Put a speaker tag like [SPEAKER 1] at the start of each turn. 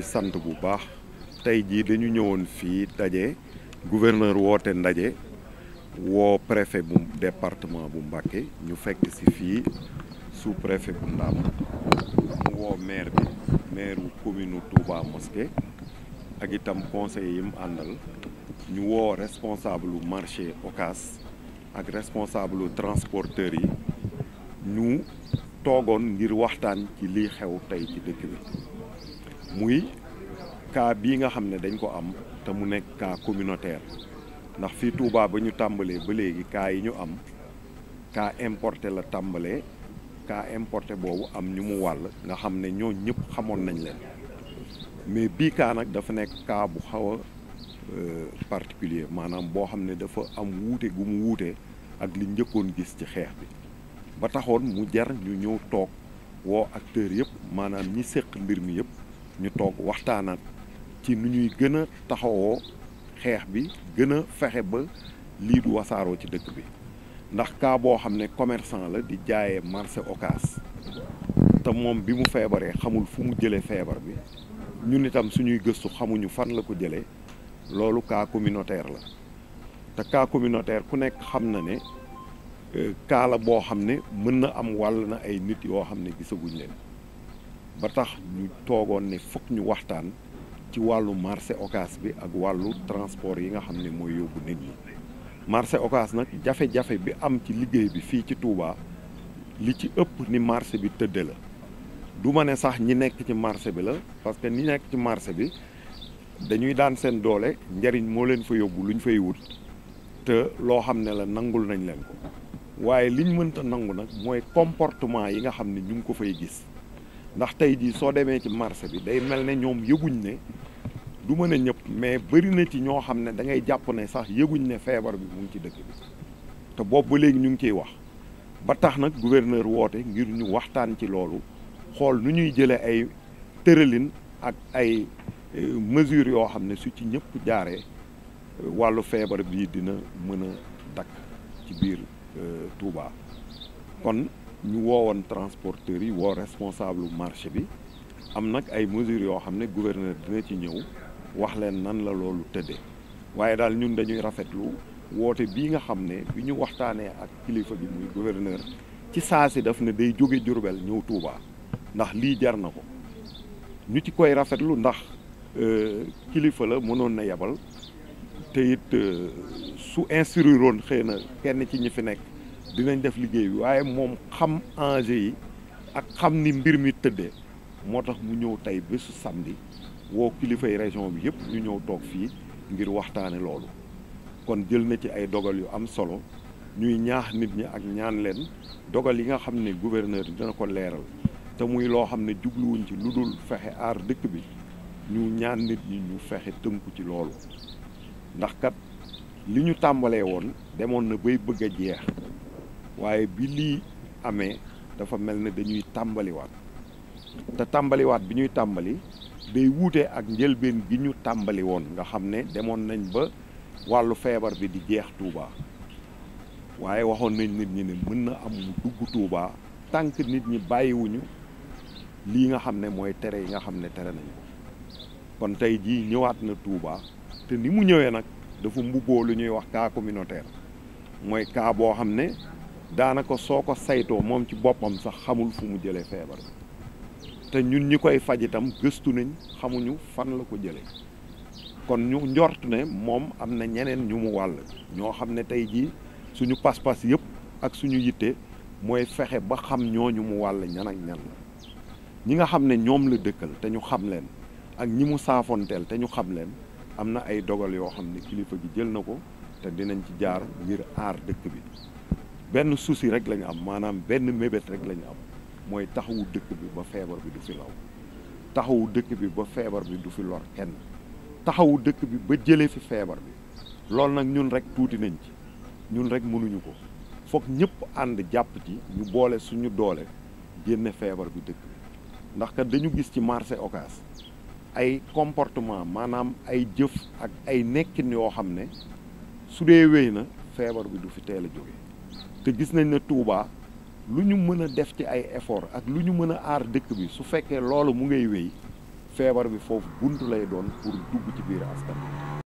[SPEAKER 1] di sant bu baax tey jii dañu ñëwoon fii daje gouverneur woote ndaje woo préfet bu département bu Mbacké ñu fekk ci fii sous préfet bu Ndam mu woo maire bi maire bu commune Touba ak itam conseil yi mu àndal ñu woo responsable lu marché Ocas ak responsable transporteur yi ñu toogoon ngir waxtaan ci lii xew tey ci dëkk bi muy cas bii nga xam ne dañ ko am te mu nekk cas communautaire ndax fii Touba ba ñu tàmbalee ba léegi cas yi ñu am cas importé la tàmbalee cas importé boobu am ñu mu wàll nga xam ne ñoo ñëpp xamoon nañ leen mais bii kaa nag dafa nekk kaa bu xaw a euh, particulier maanaam boo xam ne dafa am wuute gu mu wuute ak li njëkkoon gis ci xeex bi ba taxoon mu jar ñu ñëw toog woo acteurs yëpp maanaam ñi séq mbir mi yëpp ñu toog waxtaanaat ci nu ñuy gën a taxawoo xeex bi gën a fexe ba lii du wasaaroo ci dëkk bi ndax kaa boo xam ne commerçant la di jaayee marché Ocass te moom bi mu feebaree xamul fu mu jëlee feebar bi ñun itam suñuy gëstu xamuñu fan la ko jëlee loolu kaa communautaire la te kaa communautaire ku nekk xam na ne kaa euh, la boo xam ne mën na am wàll na ay nit yoo xam ne gisaguñ leen. ba tax ñu toogoon ne foog ñu waxtaan ci wàllu marché Ocass bi ak wàllu transport yi nga xam ne mooy yóbbu nit ñi marché Ocass nag jafe-jafe bi am ci liggéey bi fii ci Touba li ci ëpp ni marché bi tëdde la du ma ne sax ñi nekk ci marché bi la parce que ñi nekk ci marché bi dañuy daan seen doole njariñ moo leen fa yóbbu lu ñu fay wut te loo xam ne la nangul nañ leen ko waaye liñ mënta nangu nag mooy comportement yi nga xam ne ñu ngi ko fay gis ndax tey jii soo demee ci marché bi day mel ne ñoom yëguñ ne du mëne a ñëpp mais bëri na ci ñoo xam ne da ngay jàpp ne sax yëguñ ne feebar bi mu ngi ci dëkk bi te boobu ba léegi ñu ngi ciy wax ba tax nag gouverneur woote ngir ñu waxtaan ci loolu xool nu ñuy jëlee ay tëralin ak ay e, mesures yoo xam ne su ci ñëpp jaaree e, wàllu feebar bii dina mën a dakk ci biir e, Touba kon ñu woowoon transporteurs yi woo responsable marché bi am nag ay mesures yoo xam ne gouverneur dina ci ñëw wax leen nan la loolu tëddee waaye daal ñun dañuy rafetlu woote bii nga xam ne bi ñu waxtaanee ak kilifa bi muy gouverneur ci saa si daf ne day jóge jurubeel ñëw tuubaa ndax lii jar na ko ñu ci koy rafetlu ndax euh, kilifa la mënoon na yebal te it euh, su instruiroon xëy na kenn ci ñi fi nekk. dinañ def liggéey bi waaye moom xam enjeu yi ak xam ni mbir mi tëddee moo tax mu ñëw tey bésu samedi woo kilifay région bi yëpp ñu ñëw toog fii ngir waxtaane loolu kon jël na ci ay dogal yu am solo ñuy ñaax nit ñi ak ñaan leen dogal yi nga xam ne gouverneur dina ko leeral te muy loo xam ne jubluwuñ ci lu dul fexe aar dëkk bi ñu ñaan nit ñi ñu fexe tënku ci loolu ndax kat li ñu tàmbalee woon demoon na bay bëgg jeex waaye bi lii amee dafa mel ne dañuy tàmbaliwaat te tàmbaliwaat bi ñuy tàmbali day wuute ak njëlbeen gi ñu tàmbali woon nga xam ne demoon nañ ba wàllu feebar bi di jeex tuubaa waaye waxoon nañ nit ñi ne mën na am mu dugg Touba tànk nit ñi bàyyiwuñu lii nga xam ne mooy tere yi nga xam ne tere nañ ko kon tey jii ñëwaat na tuubaa te ni mu ñëwee nag dafa mbubboo lu ñuy wax cas communautaire mooy kaa boo xam ne daanaka soo ko saytoo moom ci boppam sax xamul fu mu jëlee feebar bi te ñun ñi koy faj itam gëstu nañ xamuñu fan la ko jëlee kon ñu njort ne moom am na ñeneen ñu mu wàll ñoo xam ne tey jii suñu pas-pas yëpp ak suñu yitte mooy fexe ba xam ñooñu mu wàll ñan ak ñan la ñi nga xam ne ñoom la dëkkal te ñu xam leen ak ñi mu saafonteel te ñu xam leen am na ay dogal yoo xam ne kilifa gi jël na ko te dinañ ci jaar ngir aar dëkk bi benn souci rek la am maanaam benn mébét rek la ñu am mooy taxawu dëkk bi ba feebar bi du fi law taxawu dëkk bi ba feebar bi du fi lor kenn taxawu dëkk bi ba jëlee fi feebar bi loolu nag ñun rek tuuti nañ ci ñun rek mënuñu ko foog ñëpp ànd jàpp ci ñu boole suñu doole génne feebar bi dëkk bi ndax kat dañu gis ci marché Ocass ay comportement maanaam ay jëf ak ay nekkin yoo xam ne su dee wéy na feebar bi du fi teel a jóge te gis nañ ne Touba lu ñu mën a def ci ay effort ak lu ñu mën a aar dëkk bi su fekkee loolu mu ngay wéy feebar bi foofu bunt lay doon pour dugg ci biir askan